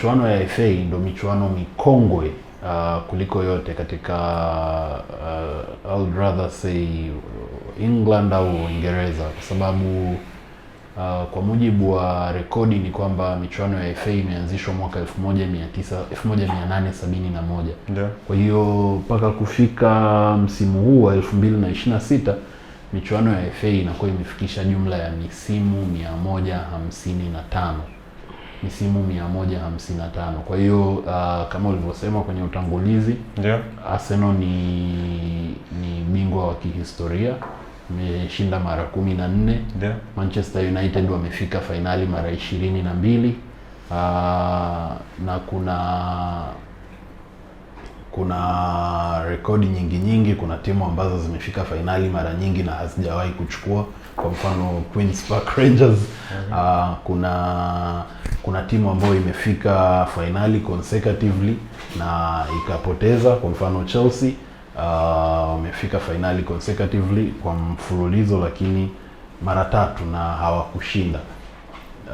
Michuano ya FA ndo michuano mikongwe uh, kuliko yote katika uh, I rather say uh, England au Uingereza kwa sababu uh, kwa mujibu wa rekodi ni kwamba michuano ya FA imeanzishwa mwaka 1871 Kwa hiyo mpaka kufika msimu huu wa 2026 michuano ya FA inakuwa imefikisha jumla ya misimu 155 misimu 155. Kwa hiyo uh, kama ulivyosema kwenye utangulizi yeah. Arsenal ni ni bingwa wa kihistoria ameshinda mara kumi na nne yeah. Manchester United wamefika fainali mara ishirini na mbili uh, na kuna kuna rekodi nyingi nyingi. Kuna timu ambazo zimefika fainali mara nyingi na hazijawahi kuchukua, kwa mfano Queens Park Rangers. mm -hmm. Uh, kuna kuna timu ambayo imefika fainali consecutively na ikapoteza. Kwa mfano Chelsea uh, wamefika uh, consecutively kwa mfululizo, lakini mara tatu na hawakushinda.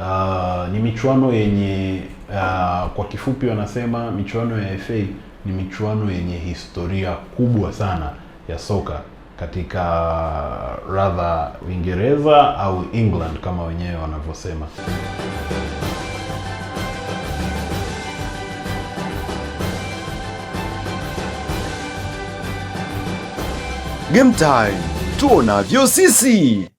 Uh, ni michuano yenye uh, kwa kifupi wanasema michuano ya FA ni michuano yenye historia kubwa sana ya soka katika rather Uingereza au England kama wenyewe wanavyosema. Game time tuonavyo sisi.